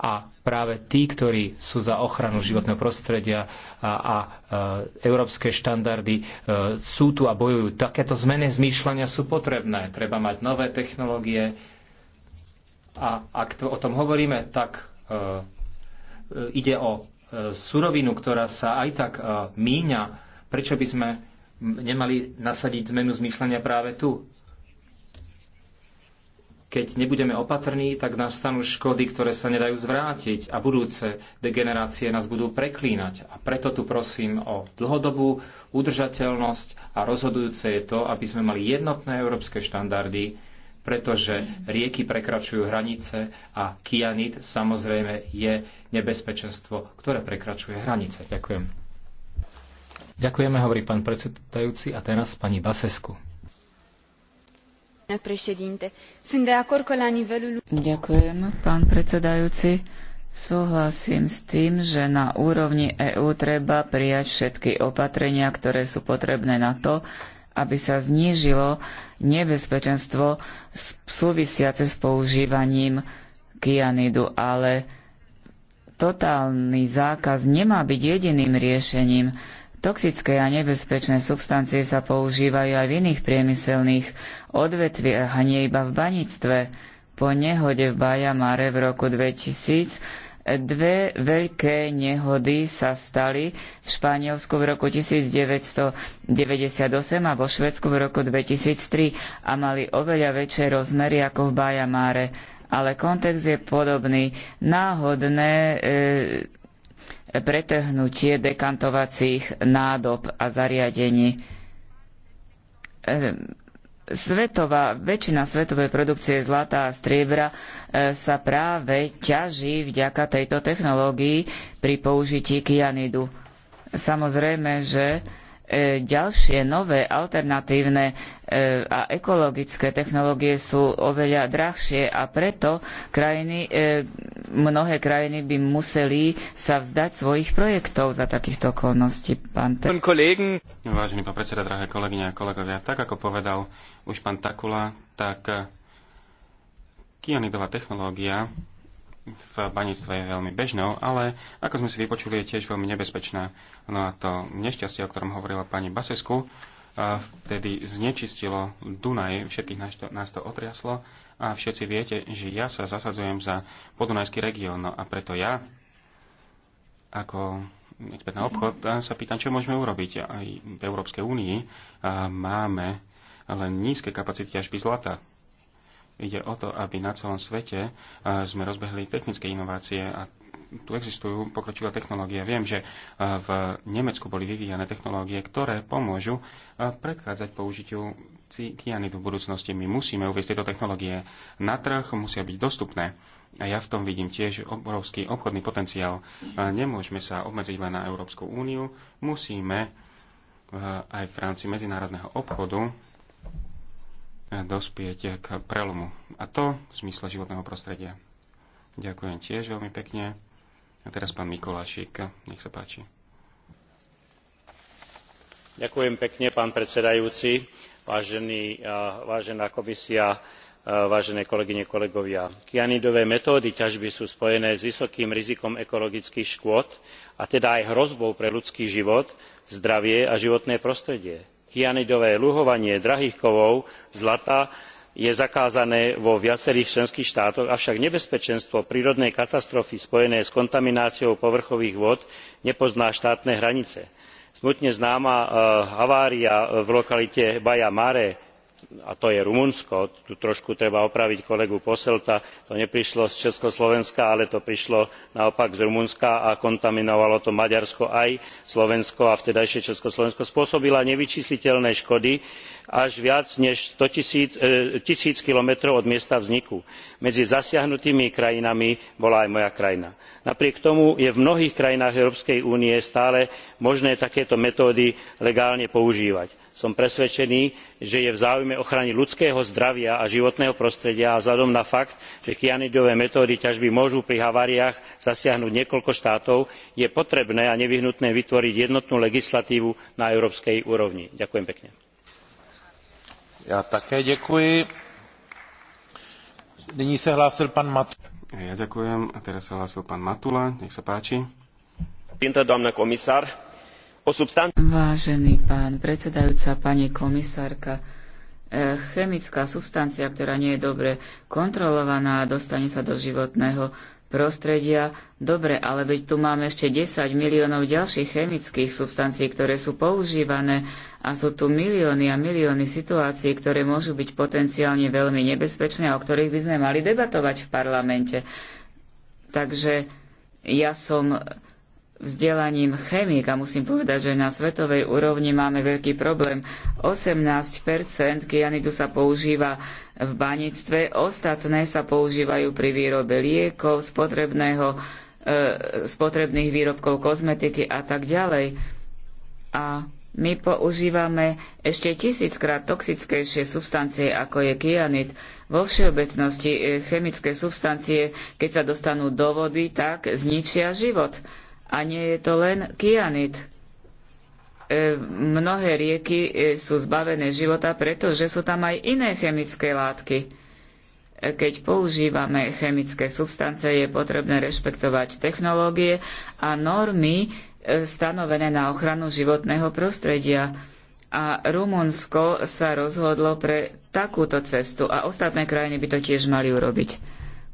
a práve tí, ktorí sú za ochranu životného prostredia a, a, a e, európske štandardy e, sú tu a bojujú. Takéto zmeny zmýšľania sú potrebné. Treba mať nové technológie a ak to, o tom hovoríme, tak e, e ide o e, surovinu, ktorá sa aj tak míňa, prečo by sme nemali nasadiť zmenu zmýšľania práve tu? Keď nebudeme opatrní, tak nastanú škody, ktoré sa nedajú zvrátiť a budúce degenerácie nás budú preklínať. A preto tu prosím o dlhodobú udržateľnosť a rozhodujúce je to, aby sme mali jednotné európske štandardy, pretože rieky prekračujú hranice a kianit samozrejme je nebezpečenstvo, ktoré prekračuje hranice. Ďakujem. Ďakujeme, hovorí pán predsedajúci a teraz pani Basesku. Ďakujem, pán predsedajúci. Súhlasím s tým, že na úrovni EÚ treba prijať všetky opatrenia, ktoré sú potrebné na to, aby sa znížilo nebezpečenstvo súvisiace s používaním kyanidu, ale totálny zákaz nemá byť jediným riešením. Toxické a nebezpečné substancie sa používajú aj v iných priemyselných odvetviach a nie iba v baníctve. Po nehode v Bajamare v roku 2000 dve veľké nehody sa stali v Španielsku v roku 1998 a vo Švedsku v roku 2003 a mali oveľa väčšie rozmery ako v Bajamare. Ale kontext je podobný. Náhodné e, pretrhnutie dekantovacích nádob a zariadení. E, svetová, väčšina svetovej produkcie zlata a striebra e, sa práve ťaží vďaka tejto technológii pri použití kyanidu. Samozrejme, že E, ďalšie nové alternatívne e, a ekologické technológie sú oveľa drahšie a preto krajiny, e, mnohé krajiny by museli sa vzdať svojich projektov za takýchto okolností. Pán Te... Vážený pán predseda, drahé kolegyne a kolegovia, tak ako povedal už pán Takula, tak kianidová technológia v baníctve je veľmi bežnou, ale ako sme si vypočuli, je tiež veľmi nebezpečná. No a to nešťastie, o ktorom hovorila pani Basesku, vtedy znečistilo Dunaj, všetkých nás to, nás to otriaslo a všetci viete, že ja sa zasadzujem za podunajský región, no a preto ja ako expert na obchod sa pýtam, čo môžeme urobiť. Aj v Európskej únii máme len nízke kapacity až by zlata. Ide o to, aby na celom svete e, sme rozbehli technické inovácie a tu existujú pokročilé technológie. Viem, že e, v Nemecku boli vyvíjane technológie, ktoré pomôžu e, predchádzať použitiu kianidu v budúcnosti. My musíme uvieť tieto technológie na trh, musia byť dostupné. A ja v tom vidím tiež obrovský obchodný potenciál. Nemôžeme sa obmedziť len na Európsku úniu, musíme aj v rámci medzinárodného obchodu dospieť k prelomu. A to v zmysle životného prostredia. Ďakujem tiež veľmi pekne. A teraz pán Mikolášik, nech sa páči. Ďakujem pekne, pán predsedajúci, vážený, vážená komisia, vážené kolegyne, kolegovia. Kyanidové metódy ťažby sú spojené s vysokým rizikom ekologických škôd a teda aj hrozbou pre ľudský život, zdravie a životné prostredie kyanidové luhovanie drahých kovov zlata je zakázané vo viacerých členských štátoch avšak nebezpečenstvo prírodnej katastrofy spojené s kontamináciou povrchových vôd nepozná štátne hranice. smutne známa eh, havária v lokalite baia mare a to je rumunsko tu trošku treba opraviť kolegu posselta to neprišlo z československa ale to prišlo naopak z rumunska a kontaminovalo to maďarsko aj slovensko a vtedajšie československo spôsobila nevyčísliteľné škody až viac než e, tisíc kilometrov od miesta vzniku. medzi zasiahnutými krajinami bola aj moja krajina. napriek tomu je v mnohých krajinách európskej únie stále možné takéto metódy legálne používať som presvedčený že je v záujme ochrany ľudského zdravia a životného prostredia a vzhľadom na fakt že kyanidové metódy ťažby môžu pri haváriách zasiahnuť niekoľko štátov je potrebné a nevyhnutné vytvoriť jednotnú legislatívu na európskej úrovni. ďakujem pekne. Ja také Nyní sa hlásil pán Matula. Ja ďakujem. A teraz sa hlásil pán Matula. Nech sa páči. Doamnă comisar, Vážený pán predsedajúca, pani komisárka, e, chemická substancia, ktorá nie je dobre kontrolovaná a dostane sa do životného prostredia, dobre, ale veď tu máme ešte 10 miliónov ďalších chemických substancií, ktoré sú používané a sú tu milióny a milióny situácií, ktoré môžu byť potenciálne veľmi nebezpečné a o ktorých by sme mali debatovať v parlamente. Takže ja som vzdelaním chemik a musím povedať, že na svetovej úrovni máme veľký problém. 18% kyanidu sa používa v baníctve, ostatné sa používajú pri výrobe liekov, spotrebného, e, spotrebných výrobkov kozmetiky a tak ďalej. A my používame ešte tisíckrát toxickejšie substancie, ako je kyanid. Vo všeobecnosti e, chemické substancie, keď sa dostanú do vody, tak zničia život. A nie je to len kianit. E, mnohé rieky e, sú zbavené života, pretože sú tam aj iné chemické látky. E, keď používame chemické substancie, je potrebné rešpektovať technológie a normy stanovené na ochranu životného prostredia a Rumunsko sa rozhodlo pre takúto cestu a ostatné krajiny by to tiež mali urobiť.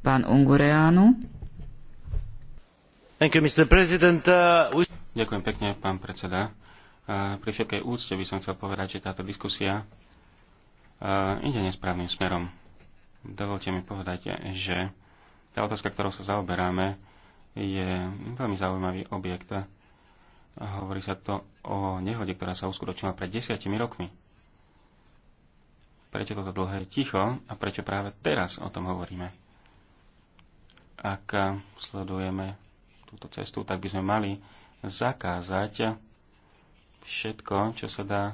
Pán Ungureanu. Uh, Ďakujem pekne, pán predseda. Uh, pri všetkej úcte by som chcel povedať, že táto diskusia uh, ide nesprávnym smerom. Dovolte mi povedať, že tá otázka, ktorou sa zaoberáme, je veľmi zaujímavý objekt. Hovorí sa to o nehode, ktorá sa uskutočnila pred desiatimi rokmi. Prečo toto dlhé ticho a prečo práve teraz o tom hovoríme? Ak sledujeme túto cestu, tak by sme mali zakázať všetko, čo sa dá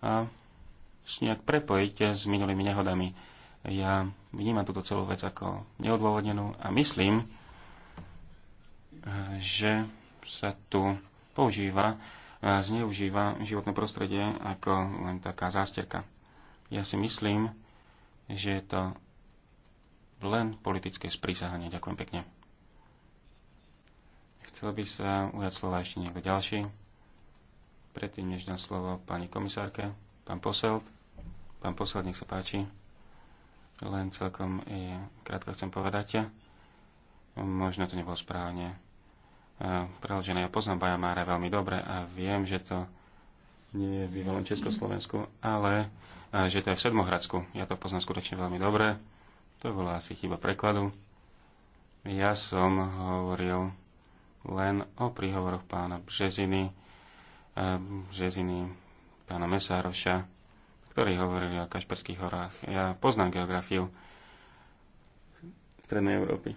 a nejak prepojiť s minulými nehodami. Ja vnímam túto celú vec ako neodôvodnenú a myslím, že sa tu používa, a zneužíva životné prostredie ako len taká zásterka. Ja si myslím, že je to len politické sprísahanie. Ďakujem pekne. Chcel by sa ujať slova ešte niekto ďalší. Predtým, než dám slovo pani komisárke, pán Poselt. Pán Poselt, nech sa páči. Len celkom je, krátko chcem povedať, možno to nebolo správne e, preložené. Ja poznám Bajamára veľmi dobre a viem, že to nie je v bývalom Československu, ale e, že to je v Sedmohradsku. Ja to poznám skutočne veľmi dobre. To bola asi chyba prekladu. Ja som hovoril len o príhovoroch pána Březiny, eh, Březiny, pána Mesároša, ktorí hovorili o Kašperských horách. Ja poznám geografiu Strednej Európy.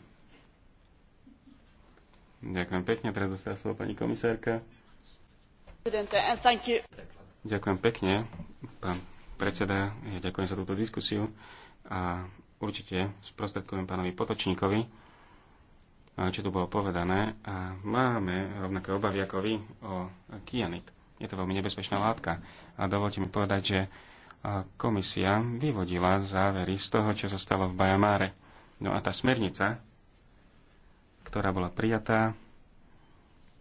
Ďakujem pekne, teraz dostala slovo pani komisárka. Eh, ďakujem pekne, pán predseda, ja ďakujem za túto diskusiu a určite sprostredkujem pánovi Potočníkovi čo tu bolo povedané a máme rovnaké obavy ako vy o kianit. Je to veľmi nebezpečná látka. A dovolte mi povedať, že komisia vyvodila závery z toho, čo sa stalo v Bajamáre. No a tá smernica, ktorá bola prijatá,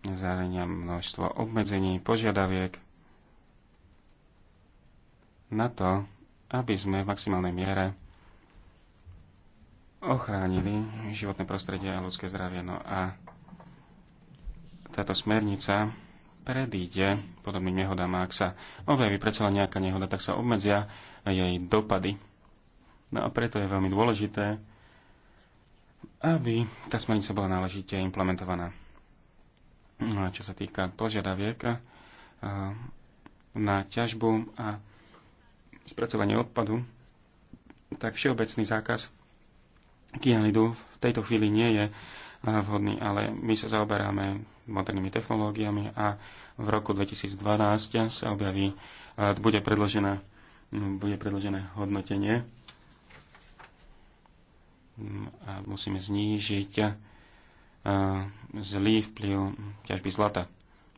zahrania množstvo obmedzení, požiadaviek na to, aby sme v maximálnej miere ochránili životné prostredie a ľudské zdravie. No a táto smernica predíde podobným nehodám a ak sa objaví predsa len nejaká nehoda, tak sa obmedzia jej dopady. No a preto je veľmi dôležité, aby tá smernica bola náležite implementovaná. No a čo sa týka požiadaviek eh, na ťažbu a spracovanie odpadu, tak všeobecný zákaz kyanidu v tejto chvíli nie je eh, vhodný, ale my sa zaoberáme modernými technológiami a v roku 2012 sa objaví, eh, bude predložené, mm, bude predložené hodnotenie mm, a musíme znížiť eh, zlý vplyv ťažby zlata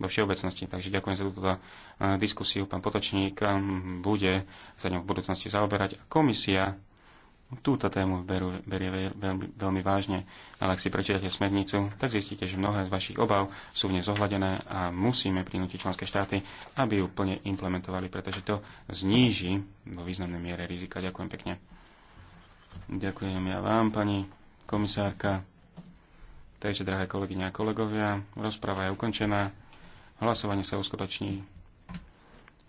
vo všeobecnosti. Takže ďakujem za túto diskusiu. Pán Potočník bude sa ňou v budúcnosti zaoberať. Komisia túto tému berú, berie veľmi, veľmi vážne, ale ak si prečítate smernicu, tak zistíte, že mnohé z vašich obav sú v nej zohľadené a musíme prinútiť členské štáty, aby ju plne implementovali, pretože to zníži vo významnej miere rizika. Ďakujem pekne. Ďakujem ja vám, pani komisárka. Takže, drahé kolegyne a kolegovia, rozpráva je ukončená. Hlasovanie sa uskutoční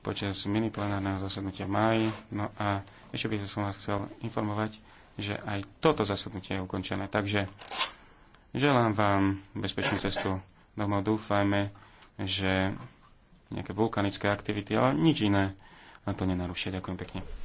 počas miniplenárneho zasadnutia v máji. No a ešte by som vás chcel informovať, že aj toto zasadnutie je ukončené. Takže želám vám bezpečnú cestu domov. Dúfajme, že nejaké vulkanické aktivity, ale nič iné na to nenarušia. Ďakujem pekne.